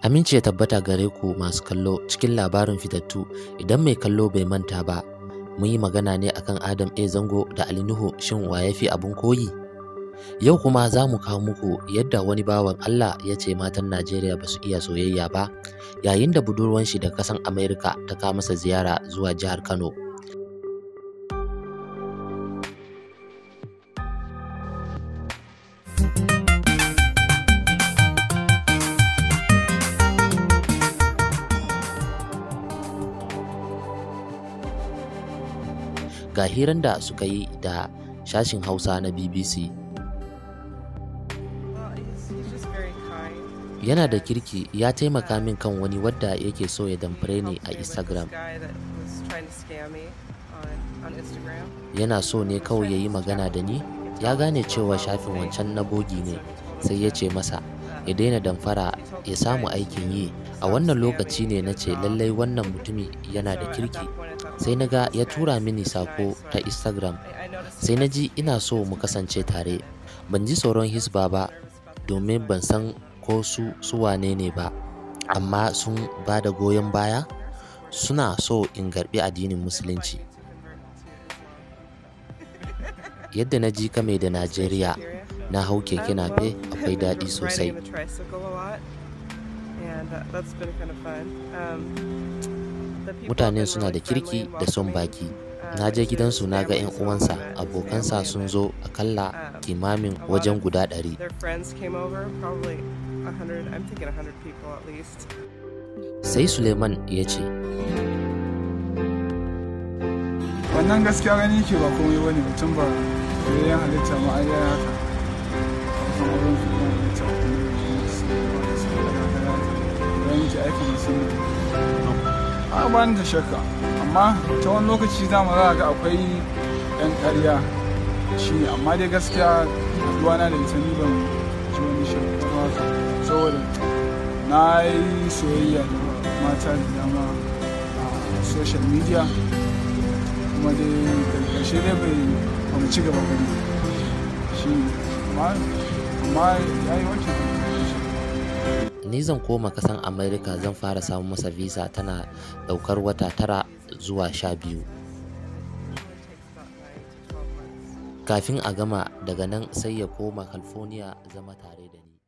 Aminci ya tabbata gare ku masu kallo cikin labarin fitattu idan mai kallo bai manta ba. Mun yi magana ne akan Adam A Zango da Ali Nuhu shin wa ya fi abin koyi? Yau kuma za mu kawo muku yadda wani bawan Allah ya ce matan Najeriya ba su iya soyayya ba yayin da budurwan shi da kasan Amerika ta kawo masa ziyara zuwa jihar Kano. ga hiran da suka yi da shashin hausa na bbc yana da kirki ya taimaka min kan wani wadda yake so ya damfare ni a instagram yana so ne kawai ya yi magana da ni ya gane cewa shafin wancan na bogi ne sai ya ce masa ya daina damfara ya samu aikin yi a wannan lokaci ne na ce lallai wannan mutumi yana da kirki sai na ga ya tura mini sako ta instagram sai na ji ina so mu kasance tare ban ji tsoron hisba ba domin ban san ko su suwane ne ba amma sun ba da goyon baya suna so in garbi addinin musulunci yadda na ji kame da najeriya na hau keke nafe akwai daɗi sosai uh, um, mutanen suna da kirki da son baki na je gidansu na ga 'yan uwansa abokansa sun zo akalla kimamin wajen guda 100. sai suleiman ya ce wannan gaskiya gani ke ba komai wani mutum ba yayin halitta ma'ariya ya haka don ki aikin musamman a ban da shakka amma ta wani lokaci za mu ga akwai yan karya shi amma dai gaskiya na da ita ni ban ji wani shakka saboda na yi soyayya da mata da dama a social media kuma dai karkashe dai bai ba gaba ba ne shi amma ya yi wakil ni zan koma kasan Amerika zan fara samun masa visa tana daukar wata tara zuwa sha biyu kafin a gama daga nan sai ya koma california zama tare da ni